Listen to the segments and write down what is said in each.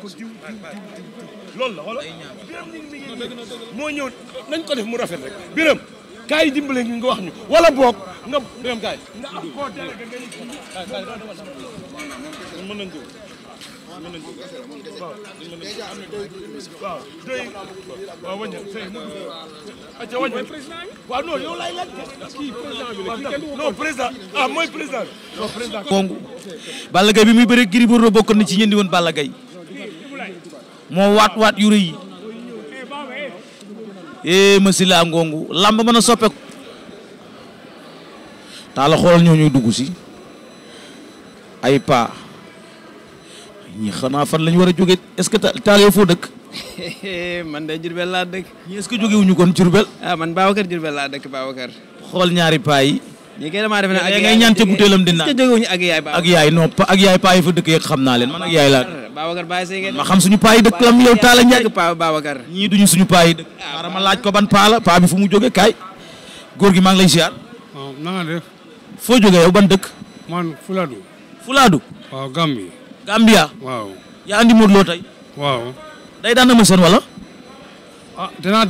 ko diw loolu la wala moo ñëw nañ ko def mu rafet rek biram kaay yi dimbale ñu nga wax ñu wala boog nga biram kaay nga koo délégué nga mën nañ jóg mën nañ jóg waaw waaw doy waaw wañ acca wañ waaw non yow laay laaj kii président bi la non président ah mooy président bi non président Balla Gaye bi muy bëri Gris Bordeaux bokkoon na ci ñendi woon Balla moo waat waat yu rëy yi eh, ma si laa ngongu lamb mën a soppeeku taala xool ñoo ñuy dugg si ay pa ñi xanaa fan la ñu war a jógee est-ce que taal yow foo dëkk man de Jurbel laa dëkk ñi est-ce que jógewuñu kon Jurbel ah man Babacar Jurbel laa dëkk Babacar xool ñaari paa yi léegi damaa defe ne ak yaay ñaan ca butéelam di naan yaay ak yaay dëkk yeeg xam naa leen man ak yaay laa ma xam suñu paa yi dëkk lam yow Talla Ndiaye paa Babacar ñii duñu suñu paa yi dëkk ah, xaaral ma laaj ko ban paa la paa bi fu mu jóge kaay góor gi maa ngi lay oh, foo jógee yow ban dëkk man Fuladu Fuladu waaw Gambie Gambia waaw yaa andi Modou Lo tey waaw day daan Eumeu Sène wala ah dinaa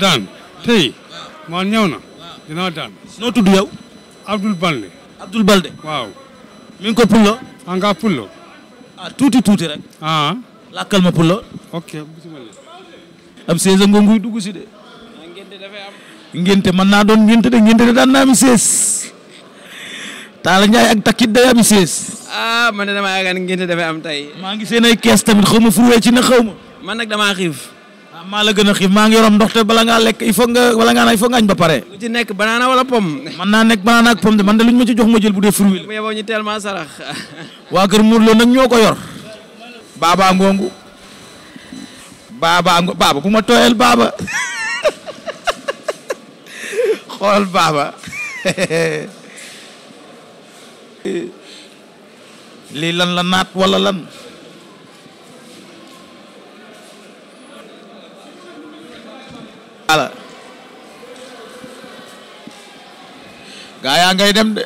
na dinaa daan noo tudd yow Abdoul Balde. de Balde. waaw. mi ngi ko pullo. anga ah, pullo. a ah, tuuti tuuti rek. ah. lakkal ma pullo. ok. am sees a ngonguy dugg si de. ngénte mën naa doon ngénte de ngénte de daan naa am sees. Talla Ndiaye ak takkit day am sees. ah man de damaa yaakaar ngénte dafay am tey. maa ngi seen ay kees tamit xaw ma furuwee ci na xaw ma. man nag damaa xiif. Ah, maa la gën a xiif maa ngi yoroon ndox bala ngaa lekk il faut nga bala ngaa naan il faut nga ba pare. lu nekk banaana wala pomme. mën naa nekk banaana ak pomme de man de lu ñu ma ci jox ma jël bu dee fruit la. mu ñu waa kër Modou Lo nag ñoo ko yor. baaba ngongu. baaba bu ma tooyal baaba. xool baaba. lii lan la naat wala lan. ala gaa yaa ngay dem de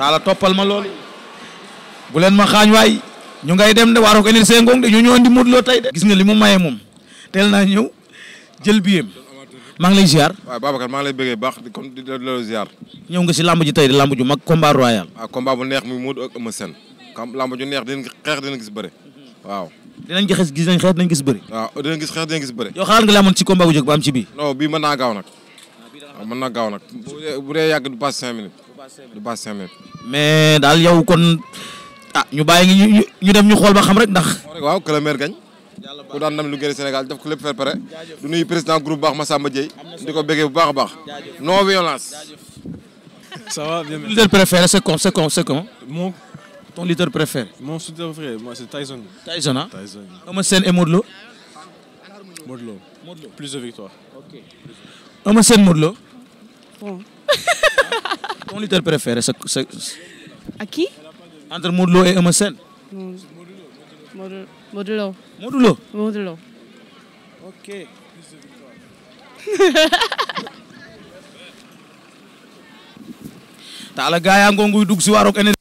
a toppal ma lool bu leen ma xaañ waay ñu ngay dem de waaroo ko eneen seengoong de ñu ñoo di Modou Lo tey de gis nga li mu maye moom teel naa ñëw jël biyem maa ngi lay ziar waaw Babacar maa bëggee baax comme la ziar ñëw nga si lamb ji tey di lamb ju mag combat royal waaw combat bu neex muy Modou ak Eumeu neex din xeex dina gis bëre dinañ gis gis nañ xeex dinañ gis bëri waaw dinañ gis xeex dinañ nga la amoon ci combat jóg gaaw nag bu dee yàgg du passe cinq minutes du passe mais daal yow kon ah ñu bàyyi ngi ñu dem ñu xool ba xam rek ndax waaw que le maire gagne ku daan nam lu gën Sénégal def ko lépp faire pare président groupe baax Massamba Dieye di ko béggee bu baax a baax non violence ça va bien vous préférez c'est ton lutteur préféré. mon lutteur préféré moi c'est ton lutteur préféré sa sa. à entre Modou Lô et Eumeu Sène. Modou Modou ngonguy dugg si waarok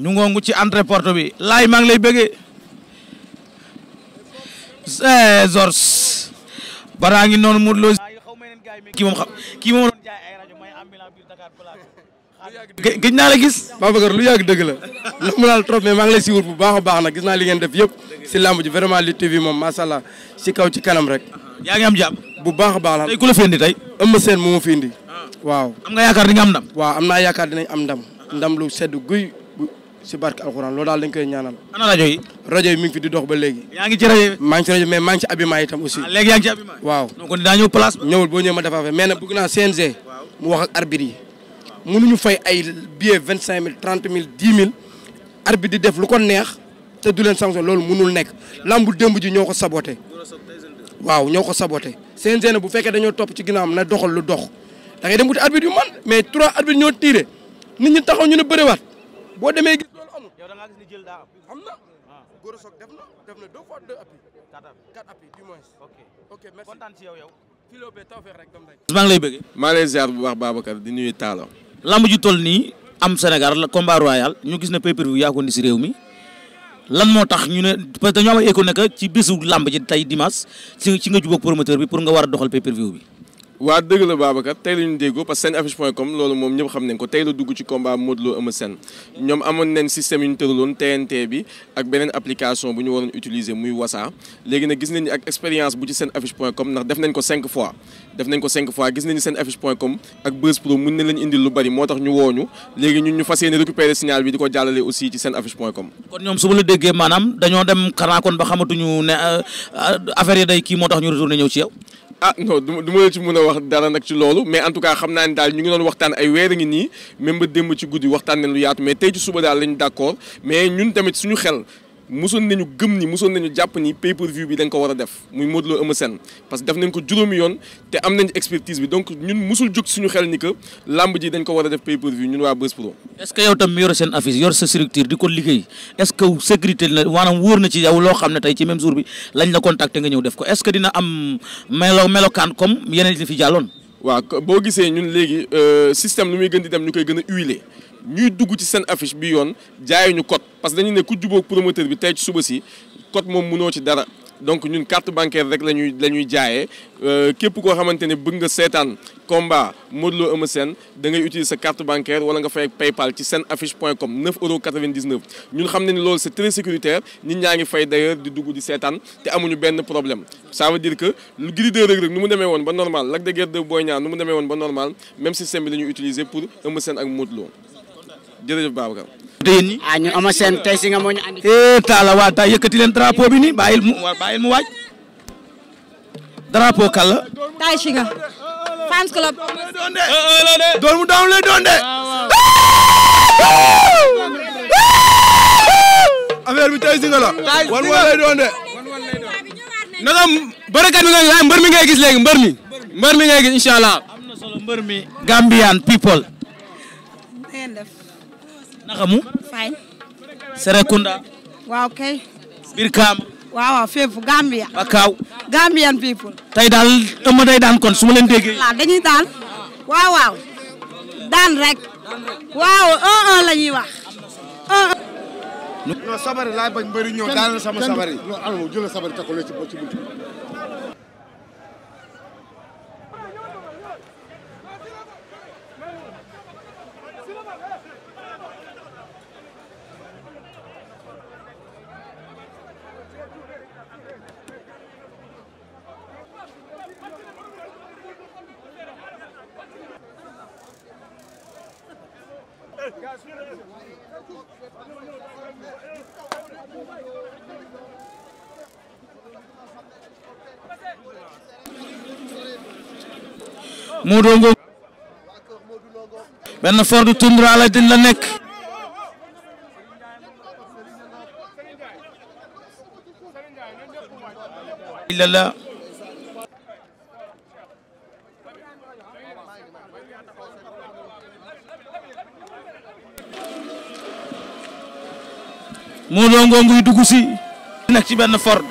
ñu ngongu ci entrée porte bi laay maa ngi lay bëggee eh, Zors baraa ngi noonu Modou Lo kii moom xam kii moom doon jaay ay rajo may ambulant biir Dakar gëj naa la gis Babacar lu yàgg dëgg la lu mu laal trop mais maa ngi lay siiwut bu baax a baax na gis naa li ngeen def yëpp si làmb ji vraiment li TV moom macha allah si kaw ci kanam rek yaa ngi am jàmm bu baax a baax la tey ku la fi indi tey ëmb ah. waaw am nga yaakaar di nga am ndam waaw naa yaakaar dinañ am ndam ndam lu sedd guy si barke alxuraan loolu daal dañ koy ñaanal. ana rajo yi. fi di dox ba léegi. yaa ngi ci rajo yi. maa ngi ci rajo mais maa ngi ci abima itam aussi. Ah, léegi yaa ngi ci waaw di def lu ko neex. te du leen loolu mënul nekk. lambu démb ji ñoo ko saboté. waaw ñoo ko saboté. CNG nag bu fekkee dañoo topp ci ginnaawam na doxal lu dox. da ngay dem wuti arbitre yu man mais trois arbitre ñoo tiire nit ñi taxaw ñu ne bëriwaat boo demee gis loolu amul. yow da ngaa gis ni jël daa am. am na. Ah. Gora Sock def na def na deux fois deux appui. quatre appui quatre appui moins. ok ok ci yow yow. Filopé tawfeex rek dam rek. maa ngi lay bëggee. maa lay ziar bu baax Babacar di nuyu taalo lamb ju toll nii am Sénégal la combat royal ñu gis ne pay-per-view yaa ko indi si réew mi lan moo tax ñu ne parce que dañoo am écho nekk ci bésu lamb ji tey dimanche ci nga jubóog promoteur bi pour nga war a doxal pay bi. waa dëgg la Babacar tey la ñu déggoo parce que seen affiche point com loolu moom ñëpp xam nañ ko tey la dugg ci combat Modou Lo Eumeu Sène ñoom amoon nañ système yu ñu tëraloon TNT bi ak beneen application bu ñu waroon utiliser muy Wassa léegi nag gis nañ ni ak expérience bu ci seen affiche point com ndax def nañ ko cinq fois def nañ ko cinq fois gis nañ ni seen affiche point ak Buzz Pro mun na leen indil lu bari moo tax ñu wooñu léegi ñun ñu fas yéene récupérer signal bi di ko jàllale aussi ci seen affiche point com. kon ñoom su ma la euh, euh, kii moo tax ñu retourné ñëw ci yow ah non du ma du ma la ci mën a wax dara nag ci loolu mais en tout cas xam naa ne daal ñu ngi doon waxtaan ay weer a ngi nii même ba démb ci guddi waxtaan nañ lu yaatu mais tey ci suba daal lañ d'accord mais ñun tamit suñu xel mosoon nañu gëm ni mosoon nañu jàpp ni pay per view bi dañ ko war a def muy Modou Lo Eumeu Sène parce que def nañ ko juróomi yoon te am nañ expertise bi donc ñun mosul jóg suñu xel ni que làmb ji dañ ko war a def pay per view ñun waa Buzz Pro. est-ce mi yor seen affiche yor ko liggéey que sécurité la maanaam wóor na ci yow loo xam ne tey ci même jour bi lañ la contacter nga ñëw def ko melokaan comme yeneen li fi jàlloon. waaw boo gisee ñun léegi euh, système lu muy gën di dem ñu koy gën a huiler ñuy dugg ci seen affiche bi yoon ñu code parce que dañu ne ku jubóog promoteur bi tey ci suba si code moom mënoo ci dara donc ñun carte bancaire rek la ñuy la ñuy jaayee euh, képp koo xamante ne bëgg nga seetaan combat Modou Lo Eumeu Sène sa carte bancaire wala nga fay paypal ci seen affiche point com 9 euros 99 ñun xam ne ni loolu c'est très sécuritaire nit ñaa ngi fay d'ailleurs di dugg di seetaan te amuñu benn problème ça veut dire que lu Gris 2 nu mu demee woon ba normal Lac de Guiers 2 Boy Niang nu woon ba normal même système bi la ñuy utiliser pour Eumeu Sène ak Lo jërëjëf Babacar. te yéen ñi ah ñun ama seen tey si nga moo ñu andi. Eh, taala waa taay yëkkati leen drapeau bi nii bàyyil mu bàyyil mu waaj. drapeau kàlla. taay si nga. fans club. doomu doomu lay doon de. affaire bi tay si nga la. wan wan lay doon de. naka bërëkat mi nga xam mbër mi ngay gis léegi mbër mi. mbër mi ngay gis incha allah. am na solo mbër mi. Gambian people. Nakamu. Fay. Serekunda. waaw kay. biir Kaam. waaw waaw fépp Gambia. Bakaaw. Gambian people. tey daal ëmb day daan kon su ma leen déggee. dañuy daan. waaw waaw. daan rek. waaw un un la ñuy wax. non sabari laay bañ bëri ñëw daal sama sabari. non Modou Lo benn Ford Tundra la nekk ilalla Modou Lo nguy dugg nekk ci benn Ford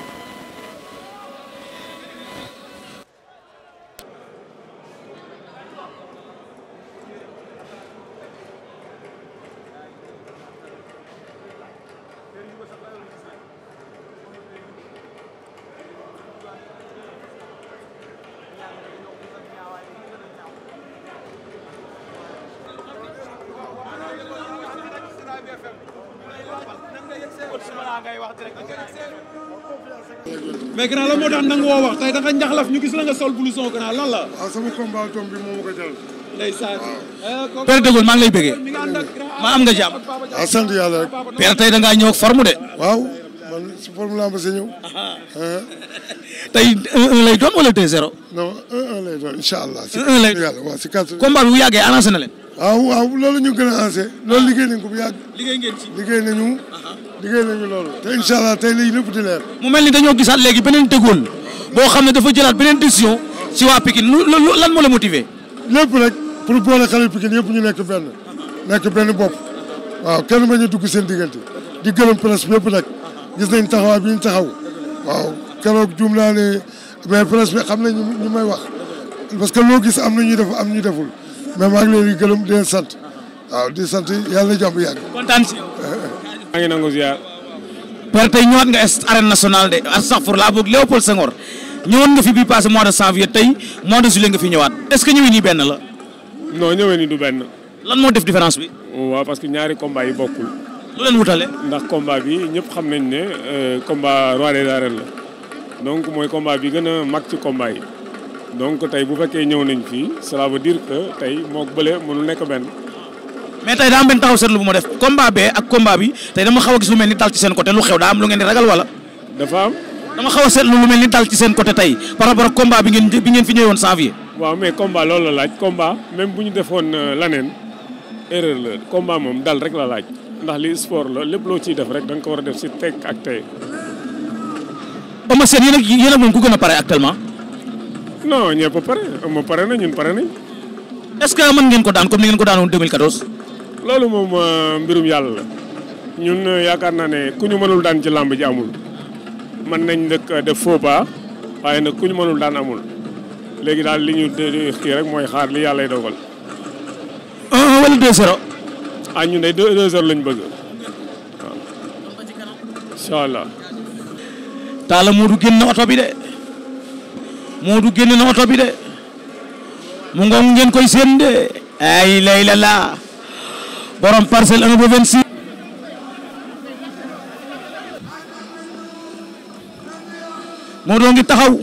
woo wax tey da nga ñaxlaf ñu gis la nga sol blouson gannaaw lan la. waaw ah, sama combat tom bi moo ma ko jël. ndeysaan. waaw. Eh, Père Degol maa ngi lay bëggee. maa am nga jàmm. waaw ah, sant yàlla rek. Père tey da ngaa ñëw ak forme de. waaw man si forme laa mos a ñëw. Ah. tey un lay doon wala deux zéro. non un lay doon incha allah. un lay doon waaw si kàttan. combat bi bu yàggee annoncé na leen. waaw waaw loolu ñu gën a annoncé loolu liggéey nañ ko bu yàgg. liggéey ngeen ci liggéey nañu. liggéey nañu loolu. te incha allah tey lii lépp di leer. mu mel ni dañoo gisaat léegi beneen Degol. boo xam ne dafa jëlaat beneen décision ci waa Pikine lan moo la motiver. lépp rek pour boole xale Pikine yëpp ñu nekk benn nekk benn bopp waaw kenn bañ a dugg seen diggante di gërëm presse bi yëpp nag gis nañ taxawaay bi ñu taxaw waaw keroog juum naa ne mais presse bi xam nañ ñu may wax parce que loo gis am na ñuy def am ñu deful mais maa ngi leen di gërëm di leen sant waaw di sant yàlla jàmm yàgg. kontaan si. maa ngi nangu ziar. perte ñëwaat nga est arène nationale de astafurlah ñëwoon nga fi bii passé mois de janvier tey mois de juillet nga fi ñëwaat est ce que ñëwee nii benn la. non ñëwee nii du benn. lan moo def différence bi. waaw parce que ñaari combat yi bokkul. lu leen wutale. ndax combat bi ñëpp xam nañ ne euh, combat roi des arènes la donc mooy combat bi gën a mag ci combat yi donc tey bu fekkee ñëw nañ fii cela veut dire que tey moo bële mënul nekk benn. mais tey daa am benn taxaw seetlu bu ma def combat bee ak combat bi tey dama xaw a gis ni dal ci seen côté lu xew daa am lu ngeen di ragal wala. dafa am. dama xaw a seetlu lu mel ni dal ci seen côté tey par rapport ak combat bi ngeen bi ngeen fi ñëwoon janvier. waaw mais combat loolu la laaj combat même bu ñu defoon euh, laneen erreur la combat moom dal rek la laaj ndax li sport la lépp loo ciy def rek da nga ko war a def si teg ak tey. Eumeu Sène yéen ak yéen moom ku gën a pare actuellement. non ñëpp pare ma pare na ñun pare nañ. est-ce que mën ngeen ko daan comme ni ngeen ko daanoon 2014. loolu moom euh, mbirum yàlla la ñun euh, yaakaar naa ne ku ñu mënul daan ci làmb ji amul. mën nañ nag euh, def faux pas waaye nag ku ñu mënul daan amul léegi daal li ñu kii rek mooy xaar li yàlla dogal. 1 wala 2 0. ah ñu ne 2 2 0 lañ bëgg waaw. incha allah. Talla Modou génn na oto bi de. Modou génn na oto bi de. mu ngoog ngeen koy séen de. ay lay la laa borom parcelle 1 ba 26. moo doo ngi taxaw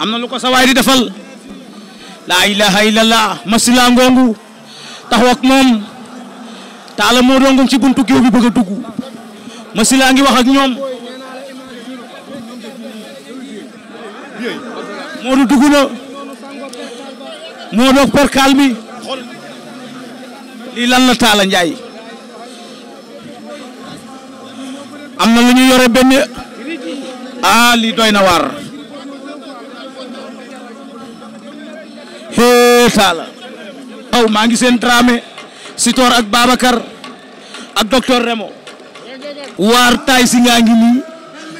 am na lu ko sa di defal laa ilaha illallah masila ngongu taxaw ak moom taala moo doo ngi ci buntu géew bi bëgg a dugg masila ngi wax ak ñoom moo du dugg na moo doog perkaal bi lii lan la taala njaay am na lu ñu yore benn ah lii doy na waar hee saala aw maa ngi seen Dramé Sitor ak Babacar ak docteur Remo waar taay si ngaa ngi nii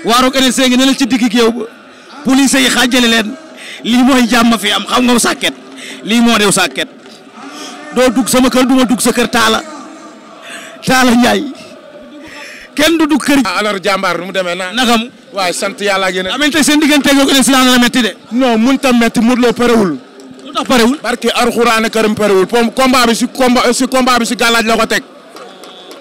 waarok ene seengi ne la ci digg yow ba police yi xaajale leen lii mooy jàmm fi am xam nga sàkket lii moo dew sàkket doo dugg sama kër duma dugg sa kër Taala Taala Njaay kenn du du kër ah, alors jàmbaar nu mu demee naa. naka mu waaye sant yàlla ak yéen a. aminte seen digganteeg ak si daan la métti de. non mënut a métti Modou Lo parewul. lu tax parewul. barke Alxuraan Karim parewul ko teg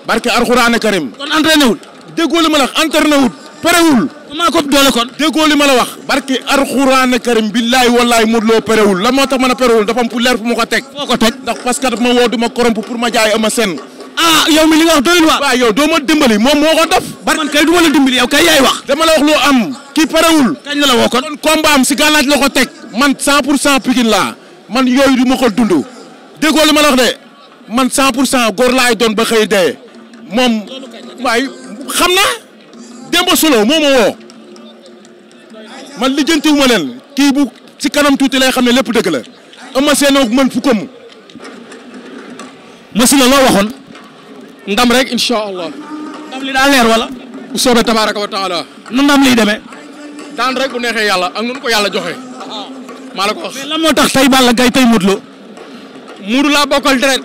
barke Alxuraan Karim. kon entraîné wul. déggoo li ma la wax entraîné wul parewul. maa ko doole kon. déggoo li ma la wax. barke Alxuraan Karim billaay wallaay Modou Lo parewul la moo tax ma ne parewul dafa am fu leer fu ma ko teg. foo ko ndax parce que daf ma woo du ma corrompu pour ma jaay ama sen ah yow mi li nga wax doyul waa. waaw yow doo ma dimbali moom moo ko def. bari man kay du ma la dimbali yow kay yaay wax. dama la wax loo am kii parewul. kañ la la woo kon kon combat si gàllaaj la ko teg. man 100 pour cent Pikine laa man yooyu du ma ko dund déggoo li ma la wax de man 100 pour cent góor laay doon ba xëy dee moom waaye xam na Demba Solo moo ma woo man lijjantiwu ma leen kii bu si kanam tuuti lay xam ne lépp dëgg la am na seen man fu ko mu. Massi loo waxoon. ndam rek incha allah. ndam li daa leer wala. bu soobee tabaaraka wa taala. nu ndam liy demee. daan rek bu neexee yàlla ak nu ko yàlla joxe. maa la ko wax lan moo tax tey Balla Gaye tey Modou Lo. Modou laa bokkal deret.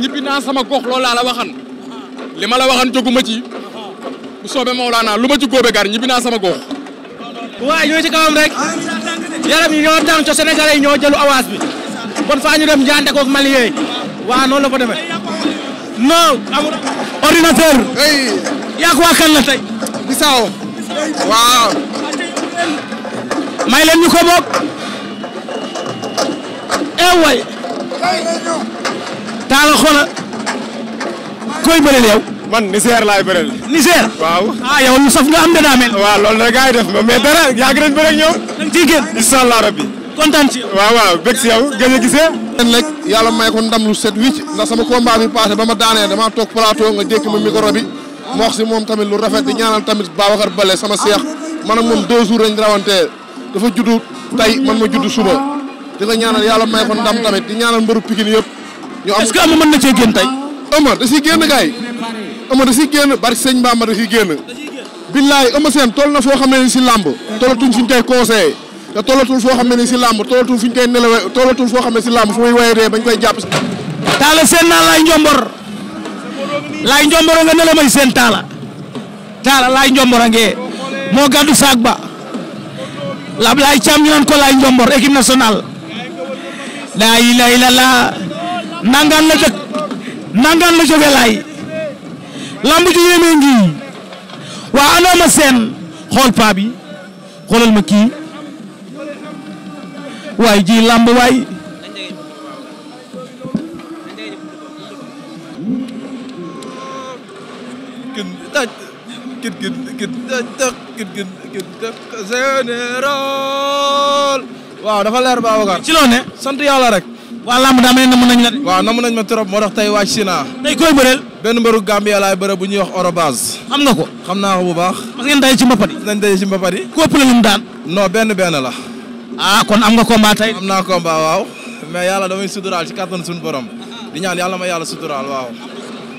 ñibbi naa sama gox loolu laa la waxan. li ma la waxan jóguma ci. bu soobee Mawlana lu ma ci góobe gar ñibbi sama gox. waaye ñoo ci kawam rek. yaram yi ñoo tàng co Sénégalais yi ñoo jëlu avance bi. kon faa ñu dem jaante koog Mali yooyu. waaw noonu la fa demee. non amul ordinateur. oui. yaa ko waa kan la tey. Bisaaw. waaw. may leen ñu ko bokk. eh way. taala xoolal. koy bëreel yow. man Niger laay bëreel. Niger. waaw ah yow lu saf nga am de daa mel. waaw loolu la gars yi def mais dara yàgg nañ bëri ak ñoom. da nga ciy génn. incha allah rabbi. kontaan si waaw waaw bëgg si yow gëj a gisee leen may ko ndam lu set wicc ndax sama combat bi passé ba ma daanee damaa toog plateau nga dékk ma micro bi ma wax si moom tamit lu rafet di ñaanal tamit Babacar Bale sama seex man ak moom deux jours lañ rawantee dafa juddu tay man ma juddu suba di nga ñaanal yàlla may ko ndam tamit di ñaanal mbëru Pikine yëpp ñu am est-ce que ama na cee génn tey ama da siy génn gaay ama da siy génn bari sëñ Bamba da siy génn billaay ama seen toll na foo xam ne si làmb te tollatul foo xam ne ni si làmb tollatul foo xam ne si làmb fu muy waye dee bañ koy jàpp. taala seen naa laay njombor laay njombor nga nelaw may seen taala taala laay njombor a ngee moo gàddu saag ba lab laay caam ko laay njombor équipe nationale laa ilaaha la dëkk nangaan la jóge laay lamb ju yéeme ngi waa anooma seen xool paa xoolal ma kii waa ji làmb waay kit kit kit kit kit kit général waaw dafa leer Babacar ci loo ne sant yàlla rek waa lamb daa mel ne namu nañ la waaw namu nañ ma trop moo tax tey wàcc si naa tey koy bëreel benn mbëru Gambia bu ñuy wax orobase na ko xam naa ko bu baax parce que ngeen daje ci mbapat nañ daje ci mbapat yi ku ëpp benn benn la ah kon am nga combat tey. am naa combat waaw mais yàlla damay suturaal ci kattan suñu borom di ñaan yàlla ma yàlla suturaal waaw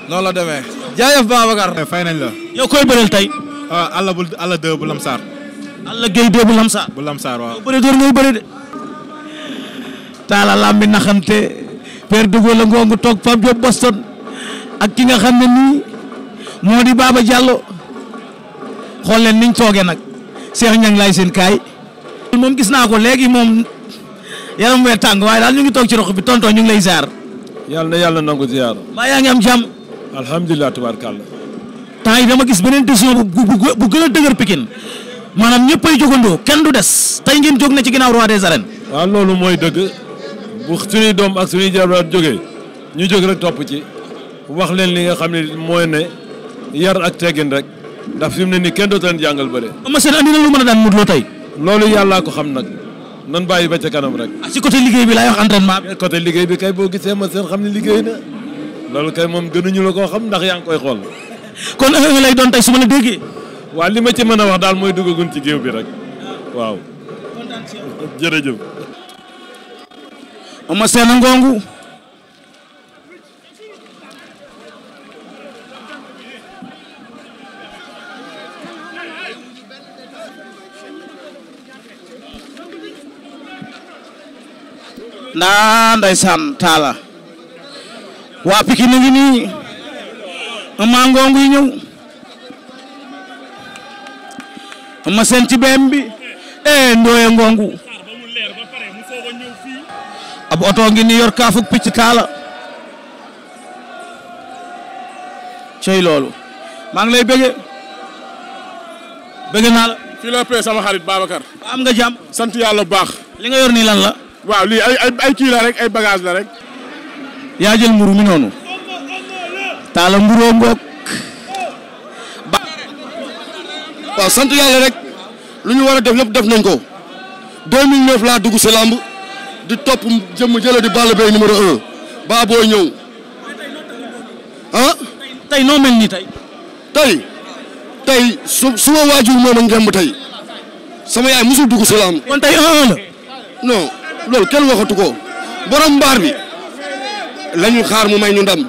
noonu la demee. jaajëf Babacar. Eh, fay nañ la. yow koy bëreel tey. ah Alla bu Alla deux bu Lamsaar. Alla Gueye deux bu Lamsaar. bu Lamsaar waaw. yow bëri door ngay bëri de. Talla Lambi naxante. Père Dugo la ngoongu toog Pape Diop Boston. ak ki nga xam ne nii moo di Baba Diallo xool leen niñ toogee nag Cheikh Niang laay seen kaay. moom gis naa ko léegi moom yaram wee tàng waaye daal ñu ngi toog ci rox bi tonton ñu ngi lay ziar. yàlla na yàlla nangu ziar. mbaa yaa ngi am jàmm. alhamdulilah tubaarkàlla. temps yi dama gis beneen décision bu bu bu gën a dëgër Pikine maanaam ñëppay jógandoo kenn du des. tey ngeen jóg na ci ginnaaw roi des arènes. waa loolu mooy dëgg bu suñuy doom ak suñuy jabar jógee ñu jóg rek topp ci wax leen li nga xam ne mooy ne yar ak teggin rek ndax fi mu ne nii kenn dootu leen a daan Modou Lo tey. loolu yàllaa ko xam nag nan bàyyi ba ca kanam rek. ah si côté liggéey bi laay wax entraînement bi. Eh, côté bi kay boo see ma seen xam ne liggéey na loolu kay moom gënuñu la koo xam ndax yaa ngi koy xool. kon ëllëg lay doon tey su ma la déggee. waaw li ma ci mën a wax daal mooy duggagun ci géew bi rek waaw. kontaan si ngongu ndaa ndeysaan taala waa Pikine ngi nii ama ngongu ñëw ama seen ci beem bi e ndooye ngongu ab oto ngi ni yor kaafuk picc taala cey loolu maa ngi lay bëgge bëgge naa la fii la pee sama xarit Babacar am nga jàmm sant yàlla bu baax li nga yor nii lan la waaw lii ay ay kii la rek ay bagage la rek. yaa jël mburu mi noonu. taala mburoo ngoog. ba. sant yàlla rek lu ñu war a def lépp def nañ ko 2009 laa dugg si làmb di topp jëmm jëla di Balla Gaye numéro baa boo ñëw tey noo mel nii tey. tey tey su suma waajur moom a ngemb tey sama yaay mosul dugg si làmb. tey 1-1 la. non. loolu kenn waxatu ko borom mbaar bi lañu xaar mu may ñu ndam.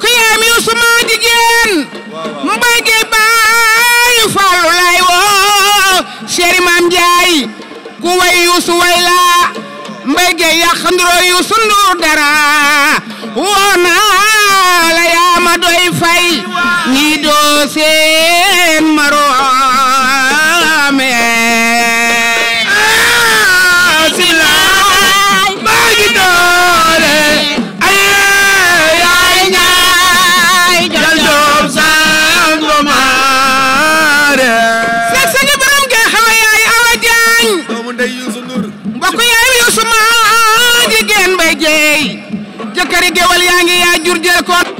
ko yaam yu suma jigéen mu baygee baayu faalu lay woo chéri maam njaay ku way yuusu way laa mbaygee yàq nduroo yuusu nduur dara woo naa la yaama doy fay ñii doo seen maroome jur jël ko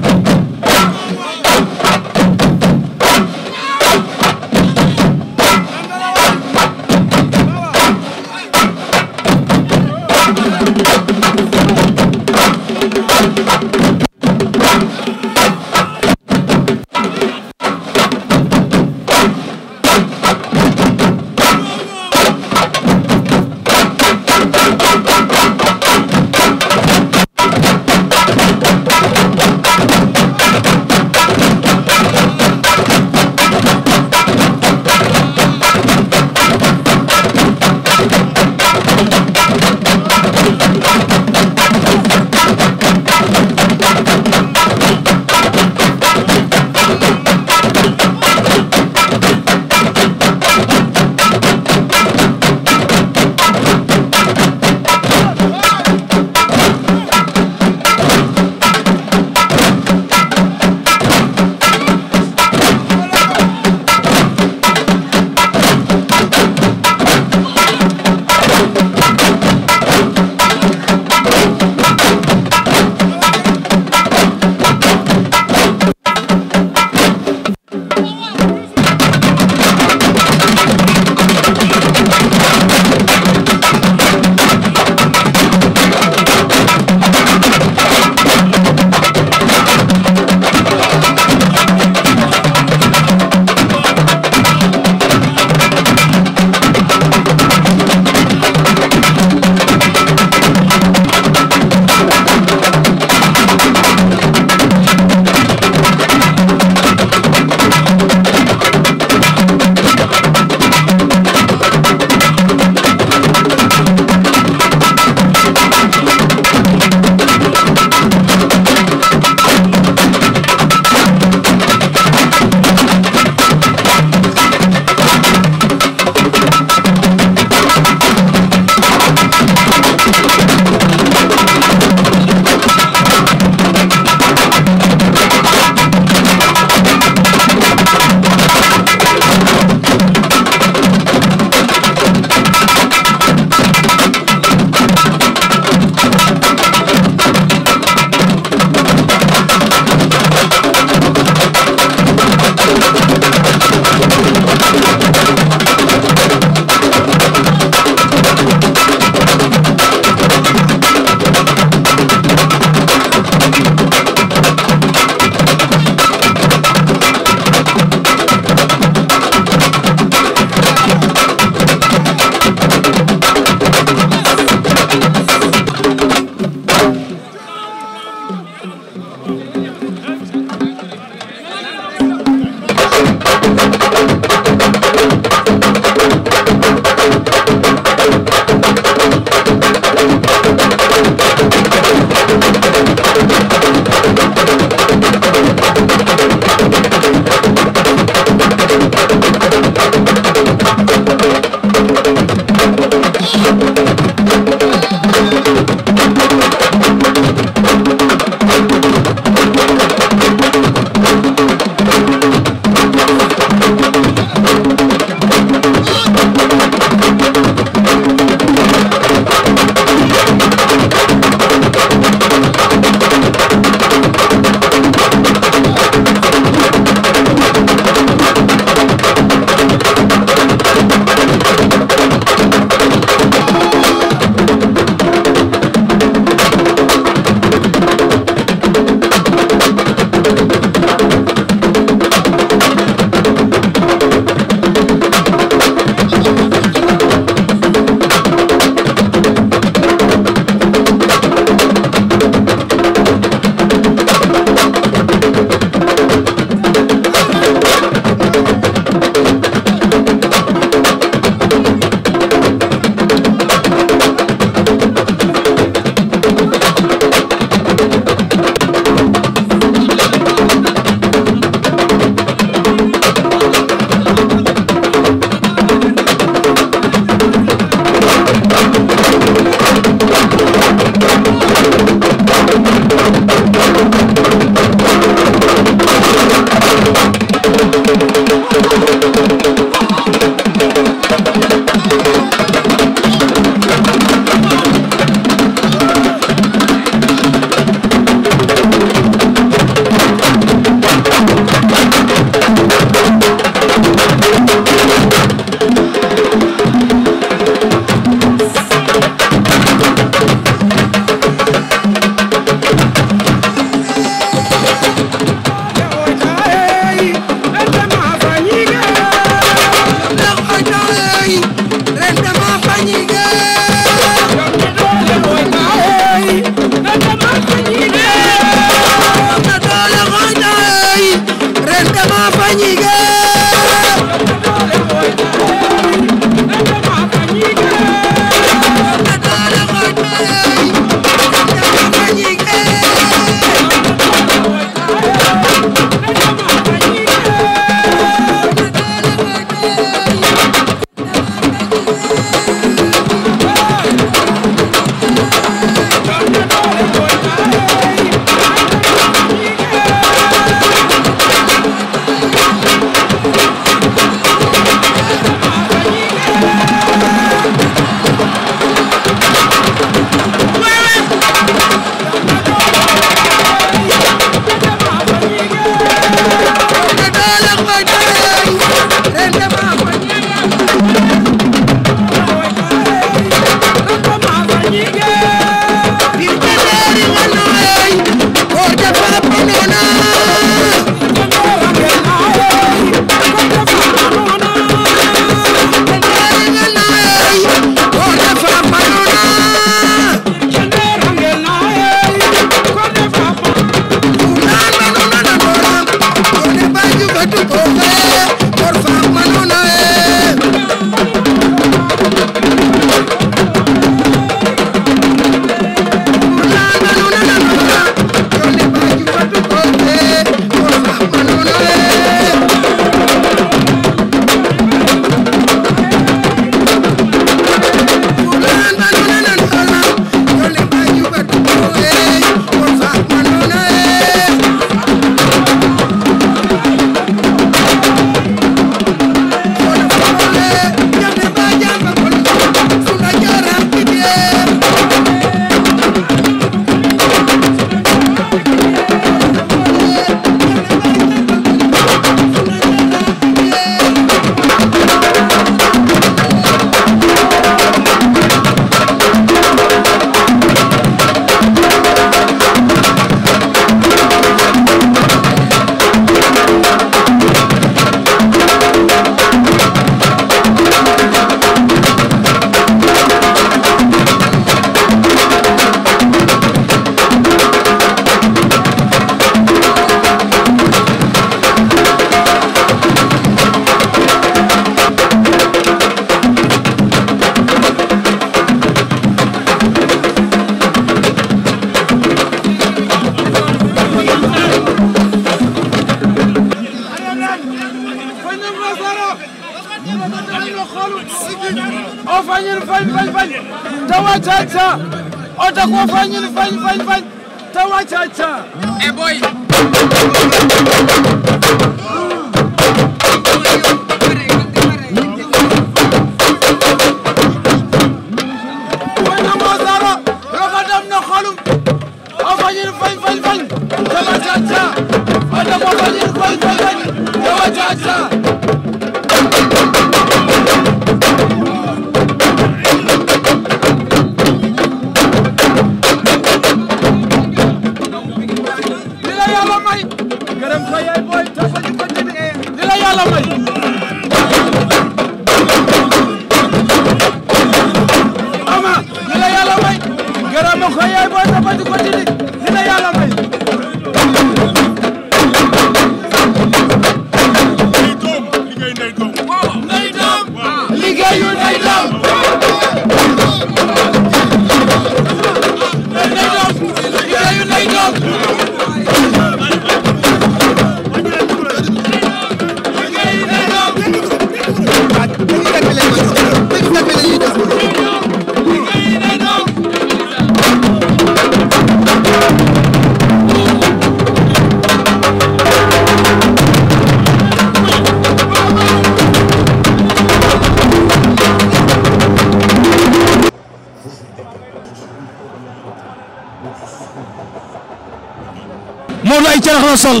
la sol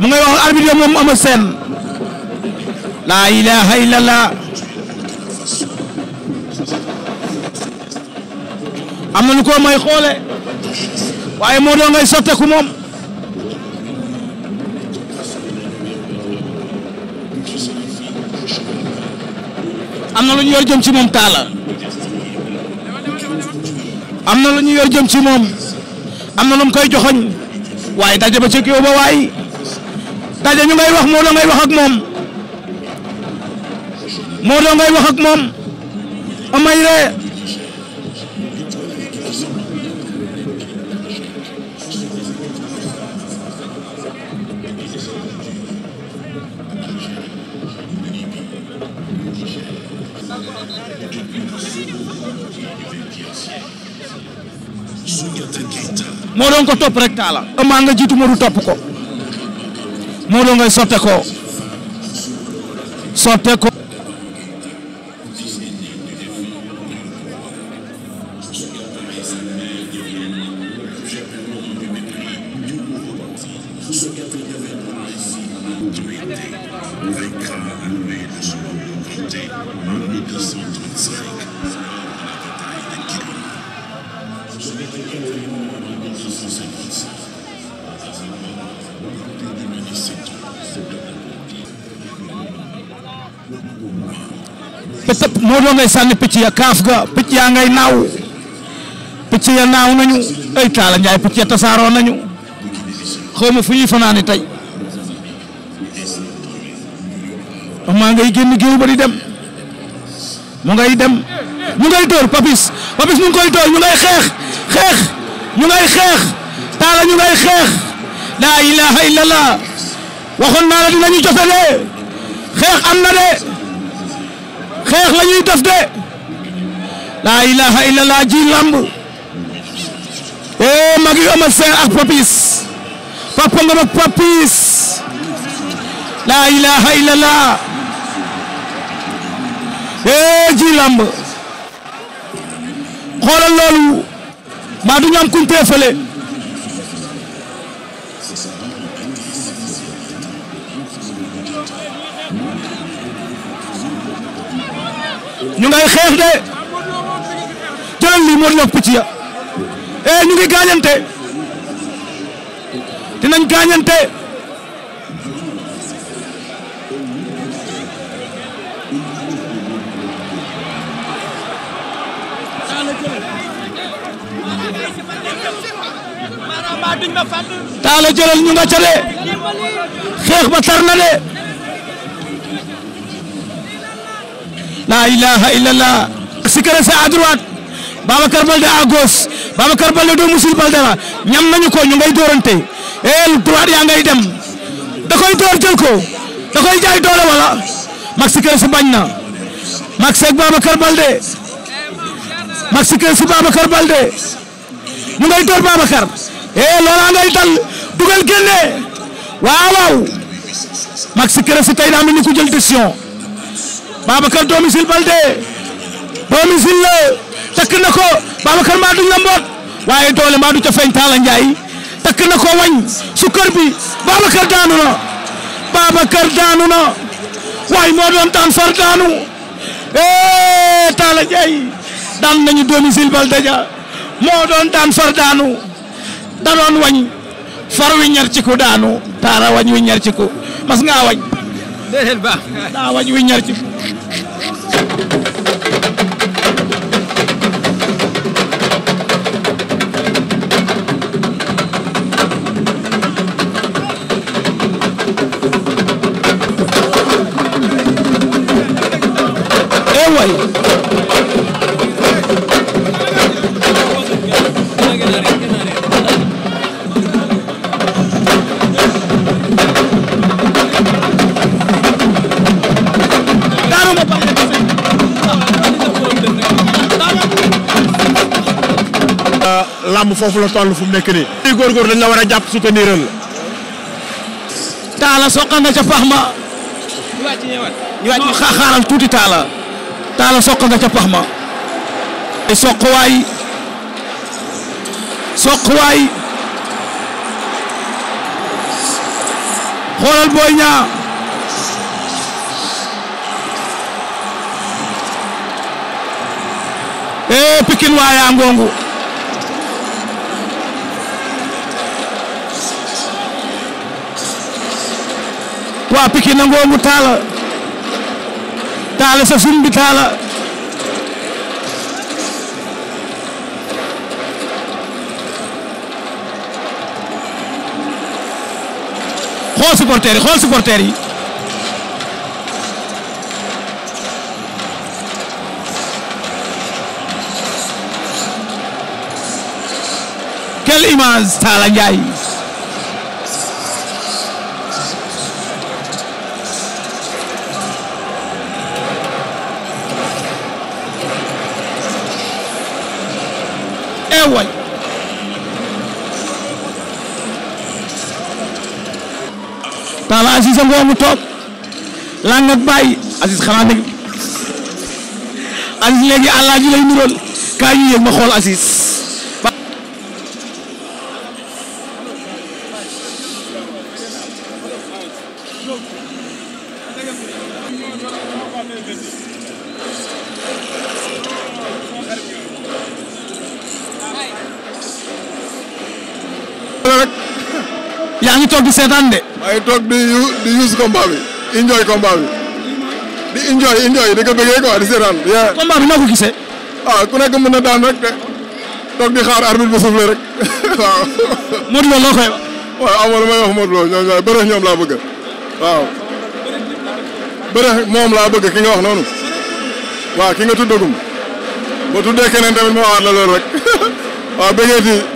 mu ngay am na lu ko may xoole waaye moo am na lu ñu yor jëm ci moom taala am na lu ñu yor ci moom am na nu mu koy joxoñ waaye daje ba ci kéew ba waay daje ñu ngay wax moo doo ngay moom moo doo ngay moom amay re nga ko topp rek taala ëmmaa nga jiitu Modou topp ko Modou ngay sotte ko sotte ko ngay sànni picc ya kaaf ga picc yaa ngay naaw picc ya naaw nañu ay taala njaay picc ya tasaaroo nañu xaw ma fu ñuy fanaani tey maa ngay dem mu ngay dem ñu ngay dóor papis papis mu ngi koy ngay xeex xeex ñu ngay xeex taala ñu ngay xeex laa ilaha illallah waxoon naa la dinañu jote de xeex am na de xeex la ñuy de laa ilaha illallah ji lamb eh mag yi Eumeu Sène ak Papis Papa Ngom ak Papis laa ilaha illallah eh ji lamb xoolal loolu maa du ñu am kuñ ñu ngay xeex de jëlal lii Modou Lo picc ya eh ñu ngi gaañante dinañ gaañante taala jëlal ñu nga ca de xeex ba tar de la ilaha illallah sikare sa à droite Babacar Balde à gauche Balde doo musul Balde la ñam nañu ko ñu ngay dóorante el eh, droite yaa ngay dem da koy jël ko da jaay doole wala Max sikare sa bañ na Max ak Babacar Balde Max sikare sa Balde ñu ngay dóor Babacar eh loola ngay dal dugal génne waaw waaw Max sikare sa ku jël décision Babacar doomi sil Balde doomi sil la takk na ko Babacar mbaa duñ la mboot waaye doole mbaa du ca feeñ Talla Ndiaye takk na ko wañ su kër bi Babacar daanu na Babacar daanu na waaye moo doon daan far daanu eh Talla Ndiaye daan nañu doomi sil Balde ja moo doon daan far daanu da doon wañ far wi ñar ci ku daanu taara wañ wi ñar mas ngaa wañ daa wañ wi ñar Thank you. làmb foofu la toll fu mu nekk nii. lii góorgóor dañ la war a jàpp soutenir la. Talla soqan na ca pax ma. ñu ma. ay soq waay. soq waay. xoolal booy ñaa. ee eh, Pikine waayaa ngongu waa Pikine nangoo taal taala sa sumbi taala xool supporter yi xool supporter yi Aziz a ngoomu toog lan Aziz xanaa Aziz léegi àllaaji lay nuróol kaay ñu yëg ma xool Aziz yaa ngi toog di seetaan toog di di use combat bi enjoy combat bi di enjoy enjoy di ko bëggee quoi di seetaan. yaa ko gisee. ah ku nekk mën na daan rek toog di xaar arbitre bi soufflé rek waaw. laa bëgg waaw bëre moom laa bëgg ki nga wax noonu waaw ki nga tuddagum ba tuddee keneen tamit ma waxaat la rek waaw bëggee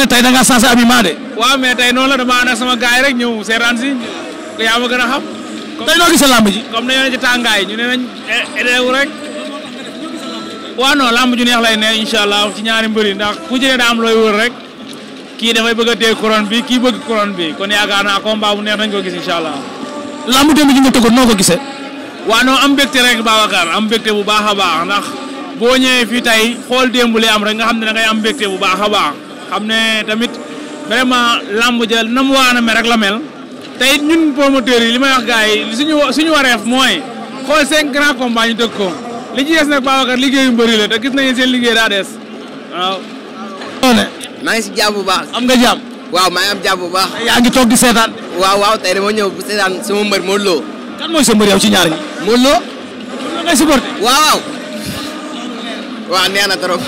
ne tey da ngaa sensé habillement de. waaw mais tey noonu la dama ànd sama gars yi rek ñëw seetaan si yaa ma gën a xam. tey noo gisee làmb ji. comme dañoo ne ci tàngaay ñu ne nañ edeewu rek. waaw non làmb ju neex lay ku ci ne kii dafay bëgg a téye bi kii bëgg couronne bi kon yaakaar bu neex nañ ko gis incha allah. làmb démb ji nga tëggoon noo ko gisee. waaw non am mbégte rek Babacar am mbégte bu baax a baax ndax boo ñëwee fii xool démb li am rek nga xam ne da ngay am bu baax a baax xam ne tamit vraiment lamb ja na mu waan a mel rek la mel te it ñun promoteurs yi li may wax gars yi suñu suñu wareef mooy xool cinq grands combats ñu tëgg ko li ci des nag Babacar liggéeyu mbëri la te gis nañu seen liggéey daa des waaw. maa ngi si jàmm bu baax. am nga jàmm. waaw maa ngi am jàmm bu baax. yaa ngi toog di seetaan. waaw waaw tey dama ñëw bu seetaan sama mbër Modou Lo. kan mooy sa mbër yow ci ñaar ñi. Modou Lo. Modou Lo ngay supporté. waaw waaw. waaw neex na trop.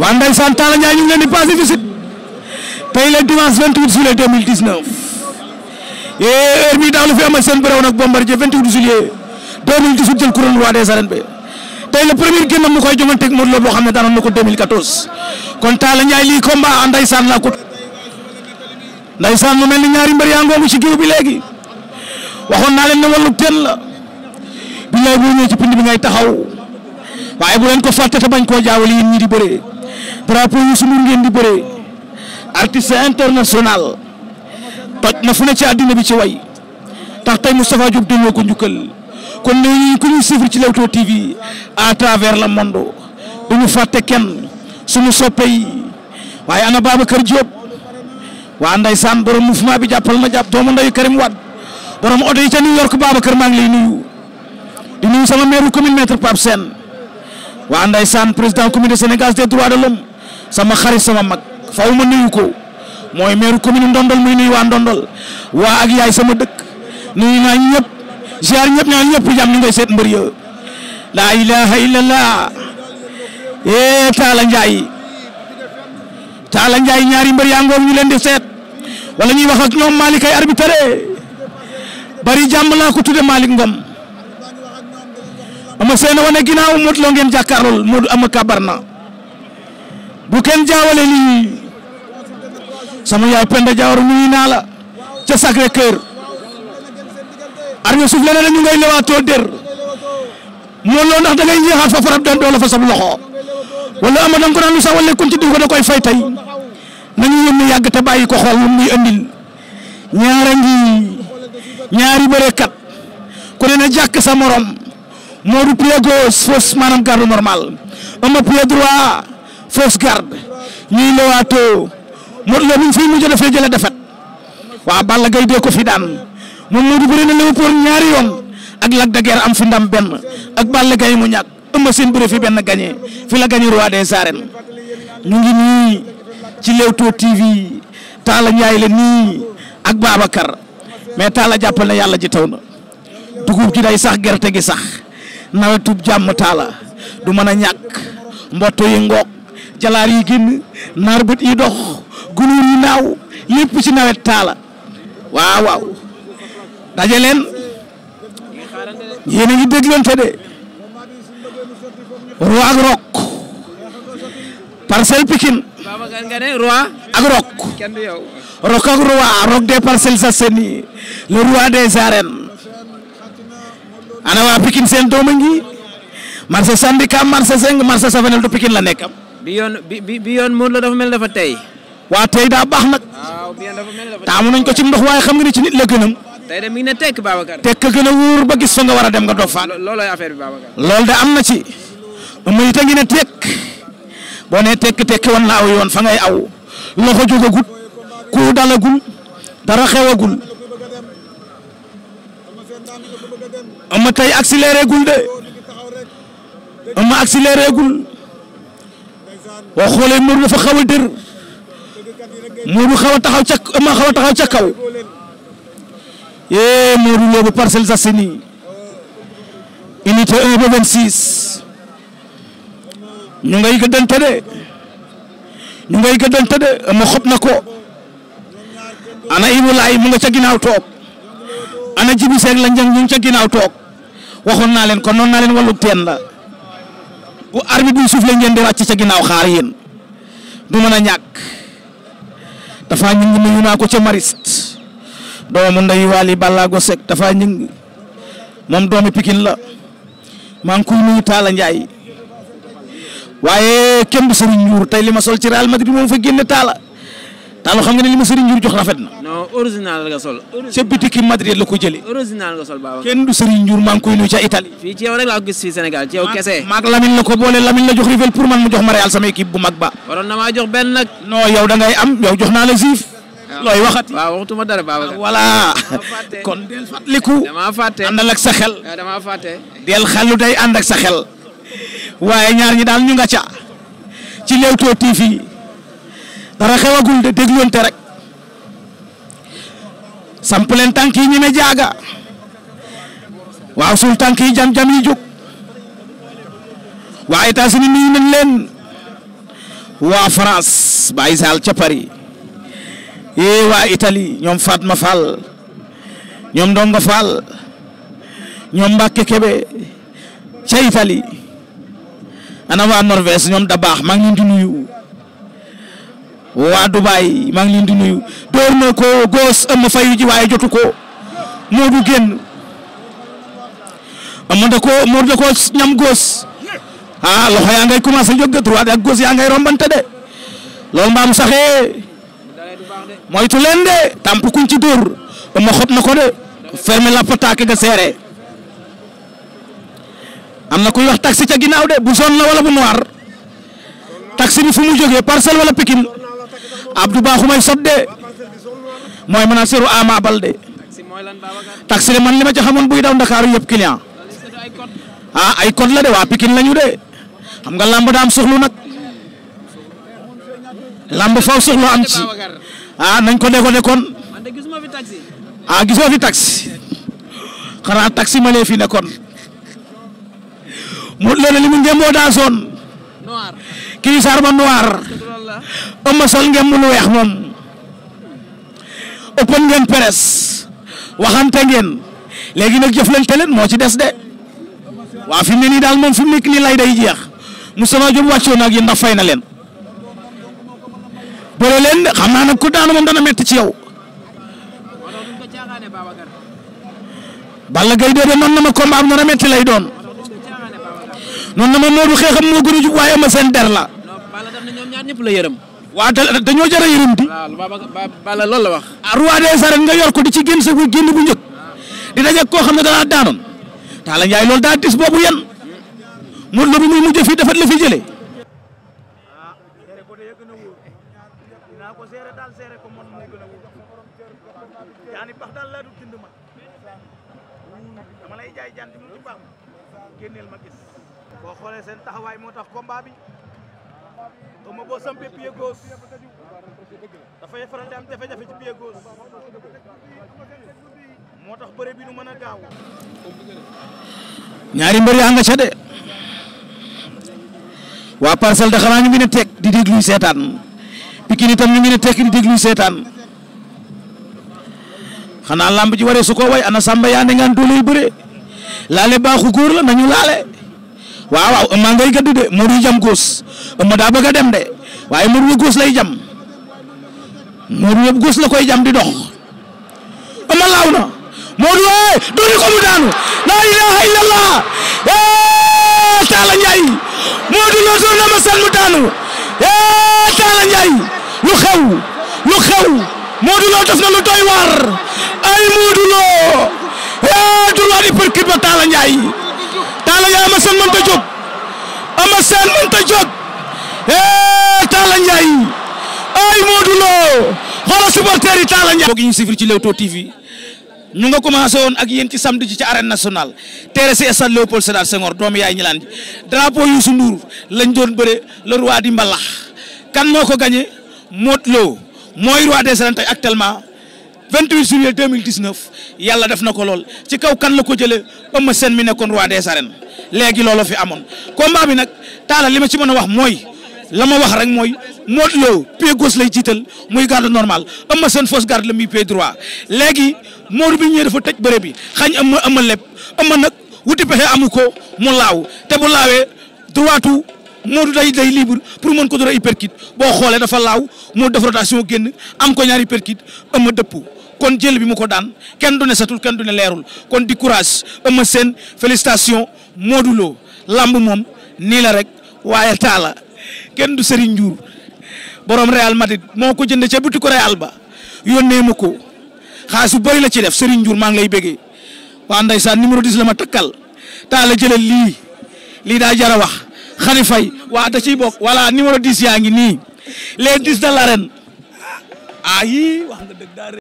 waa ndeysaan Talla Ndiaye ñu ngi leen di passé visite tey le dimanche 28 juillet 2019 et eh, heure bii daaw la fi amal seen bëreew nag Bombardier 28 juillet 2018 jël couronne roi des arènes bi tey le premier génn mu koy jongante ak Modou Lo boo xam ne daanoon na ko 2014 kon Talla Ndiaye lii combat ah, ndeysaan laa ko. ndeysaan mu mel ni ñaari mbër yaa ngoogu ci géew bi léegi waxoon naa leen ne wàllu teen la billaay boo ñëwee ci pind bi ngay taxaw waaye bu leen ko fàtte te bañ koo jaawale yéen ñi di bëree. drapeau Youssou Ndour ngeen di bëree artiste international toj na fu ne ci àddina bi ci way tax tey Moustapha Diop dañoo ko njukkal kon ne ñu ko ñuy suivre ci Leewtoo TV à travers le monde duñu fàtte kenn suñu soppe yi waaye ana Babacar Diop waa ndeysaan borom mouvement bi jàppal ma jàpp doomu ndeyu Karim Wade borom oto yi ca New York Babacar maa ngi lay nuyu di nuyu sama maire commune maître Pape Sène waa ndeysaan président comité Sénégal des droits de l'homme sama xarit sama mag faw ma nuyu ko mooy maire commune Ndondol muy nuyu waa Ndondol waa ak yaay sama dëkk nuyu naa ñëpp ziar ñëpp ñaan ñëpp jàmm ni ngay seet mbër laa ilaha illallah ee Taala Njaay Taala Njaay ñaari mbër yaa ngoog ñu leen di seet wala ñuy wax ak ñoom Malick ay arbitre bari jàmm laa ko tudde Malick Ngom ama seen wane ginnaaw Modou Lo ngeen jàkkaarlool Modou ama kabar na bu kenn jaawale lii sama yaay Penda Diawara nuyu naa la ca Sacré Cœur arño suuf la ne ñu ngay lewaatoo der moo loo ndax da ngay njeexaat fa farab dan doo la fa sab loxo wala ama dang ko naan lu sax wala kun ci diw ko da koy fay tey nañu yónni yàgg te bàyyi ko xool lu muy andil ñaara ngi ñaari bërekat ku ne na jàkk sa morom Modou pied gauche fausse maanaam garde normal ama pied droit fausse garde ñuy lewaatoo Modou Lo buñ fiy mujj defet waaw Balla Gaye dee ko fi daan moom Modou bëri na Léopold ñaari yoon ak Lac de am fi ndam benn ak Balla Gaye mu ñàkk ëmb seen bëri fi benn gagné fi la gagné roi des arènes ñu ngi nii ci Leewtoo TV Talla Ndiaye la nii ak Babacar mais Talla jàppal na yàlla ji taw na dugub ji day sax gerte gi sax nawetu jàmm Talla du mën a ñàkk mbottu yi ngoog. jalaar yi génn naar bët yi dox gunuur yi naaw lépp ci nawet taala waaw waaw daje leen yéen a ngi déglante de roi ak rok parcelle Pikine roi ak rok rok ak roi rok des Parcelles Assainies le roi des arènes ana waa Pikine seen doom a ngi marché syndicat marché seng marché savenel du Pikine la nekkam bi yoon bi bi yoon Modou Lo dafa mel dafa tey. waa tey daa baax nag. waaw bi yoon dafa mel dafa tey taamu nañ ko ci ndox waaye xam nga ni ci nit la gënam. tey de mi ngi ne tekk Babacar. tekk gën ba gis fa nga war a dem nga doog faa. loolooy affaire bi am na ci. muy it a ngi ne tekk boo ne tekk tekk wan la aw yoon fa ngay aw loxo jógagul ku dalagul dara xewagul. ama tey accéléré gul de boo xoolee Modou dafa xaw a dër Modou xaw a taxaw ca a taxaw ca kaw yee Modou Lo bu Parcelles Assainies unité 1 ba 26 ñu ngay gëddante de ñu ngay de Ama xob na ko ana Ibou Laye mu nga ca ginnaaw toog ana Djibi Seck la njang ñu ngi ca ginnaaw toog waxoon naa leen kon noonu naa leen wàllu teen la. bu arbitre bi soufflé ngeen di wàcc ca ginnaaw xaar yéen du mën a ñàkk dafa ñu ngi nuyu naa ko ca mariste doomu nday Waly Ballago Seck dafa ñu ngi moom doomi Pikine la maa ngi koy nuyu Talla waaye kenn du Serigne Ndiour tey li ma sol ci Real Madrid moom fa génne Talla Talla xam nga ne li ma Serigne Ndiour jox rafet na. non original nga sol. ca bitiki Madrid la ko jëlee. original nga sol baax kenn du Serigne Ndiour maa ngi koy nuyu ca Italie. fii ci yow rek laa ko gis fii Sénégal la ko boole Lamine la jox rivel pour man mu jox ma Real sama équipe bu mag ba. waroon na maa jox benn nag. non yow da am yow jox naa la juif. Ah. looy waxati waaw ah, ah, kon del fàttaliku. damaa fàtte àndal sa xel. del xelu day ànd ak sa xel. waaye ñaar ñi daal ñu nga ca ci Leewtoo TV dara xewagul de dégluwante rek samp leen tànk yi ñeme jaaga waaw suul tànk yi jam jam yi jóg waa États-Unis nuyu nañ leen waa France Baye Sall ca Paris eh waa Italie ñoom Fatma Fall ñoom Ndongo Fall ñoom Mbacke Kebe ca Italie ana waa Norvège ñoom da baax maa ngi leen waa Dubaay maa ngi leen di nuyu door na ko góos ëmm fayu ji waaye jotu ko Modou génn ëmm da ko Modou da ko ñam góos ah loxo yaa ngay commencé jóg droite ak góos yaa ngay rombante de loolu mbaam saxee moytu leen de tamp kuñ ci dóor ëmm xob na ko de ferme la pataake ga seere am na kuy wax taxi ca ginnaaw de bu zone la wala bu noir taxi bi fu mu jógee parcelle wala Pikine Abdou Ba xumay sot de mooy manaseeru Ama Baldé taxi de man li ma ci xamoon buy daw Ndakaaru yëpp client ah ay code la de waa Pikine lañu de xam nga lamb da am soxlu nag lamb faw soxlu am ci ah nañ ko déggoo kon ah gisoo fi taxi xanaa taxi ma lee fi nekkoon mu loolu li mu ngeen moo kii sarba noir ëmma sol ngeen mu weex moom ëppan ngeen presse waxante ngeen léegi nag jëflante leen moo ci des de waa fi ne nii daal moom fi mu nekk nii lay day jeex Moustapha Diop wàccoo na ak yéen ndax fay na leen bëre leen xam naa nag ku daanu moom dana metti ci yow Balla Gaye de de noonu na ma combat am dana metti lay doon noonu na ma Modou xeexam moo gën a jub waaye ama seen der la. Balla daf na ñoom la yërëm. waaw dañoo jar a yërëm di. waaw Balla loolu la wax. ah roi nga yor ko di ci génn sa génn bu njëkk di daje koo xam ne danaa daanoon Talla Ndiaye loolu daa dis boobu yan Modou Lo bi muy mujj fii dafa la fi jëlee. dama lay jaay jant mu ci baax ma génneel ma gis boo xoolee seen taxawaay moo tax combat bi Eumeu dafay faral moo tax bëre bi nu mën a gaaw. ñaari mbër yaa nga ca de waa parcelle da xanaa ñu ngi ne teg di déglu seetaan Pikine itam ñu ngi ne teg di déglu seetaan xanaa lamb ji waree su way ana Samba yaa ne ngaan doole yu laale baaxu góor la nañu laale. waaw waaw ëmma ngay gëdd de Modou jam góos ëmma daa bëgg dem de waaye Modou góos lay jam Modou yëpp góos la koy jam di dox ëmma laaw na Modou eh dóori ko mu daanu laa ilaaha illallah eh Talla Ndiaye Modou Lo dóor na di percute ba Talla Talla Ndiaye Eumeu Sène mënta jóg Eumeu Sène mënta jóg eh Talla Ndiaye ay Modou Lo xoolal supporter yi Talla Ndiaye. mbokk yi ñu sifir ci Leewtoo TV ñu nga commencé woon ak yéen ci samedi ci ci arène nationale teere si stade Léopold Sédar Senghor doomu yaay ñilaan drapeau Youssou Ndour lañ doon bëre le roi di mbalax kan moo ko gagné Modou Lo mooy roi des arènes actuellement. 28 juillet 2019 yàlla def na ko lool ci kaw kan la ko jëlee Eumeu seen mi nekkoon roi des arènes léegi looloo fi amoon combat bi nag taala li ma ci mën a wax mooy la ma wax rek mooy Modou Lo pied gauche lay jiital muy garde normal Eumeu Sène fausse garde la muy pied droit léegi Modou bi ñëwee dafa tëj bëre bi xañ Eumeu Eumeu lépp Eumeu nag wuti pexe amu ko mu laaw te bu laawee droitu Modou day day libre pour mën ko dora hyperkit boo xoolee dafa laaw Modou def rotation génn am ko ñaari hyperkit Eumeu dëpp kon jël bi mu ko daan kenn du ne satul kenn du ne leerul kon di courage Eumeu Sène félicitation Modou Lo lamb moom nii la rek waaye taala kenn du Serigne Ndiour borom Real Madrid moo ko jënd ca boutique Real ba yónnee ma ko xaalis bari la ci def Serigne Ndiour maa ngi lay bëggee waa ndeysaan numéro 10 la ma takkal taala jëlal lii lii daa jara wax xani fay waa da ciy bokk voilà numéro 10 yaa ngi nii les 10 de l'arène wax nga dëgg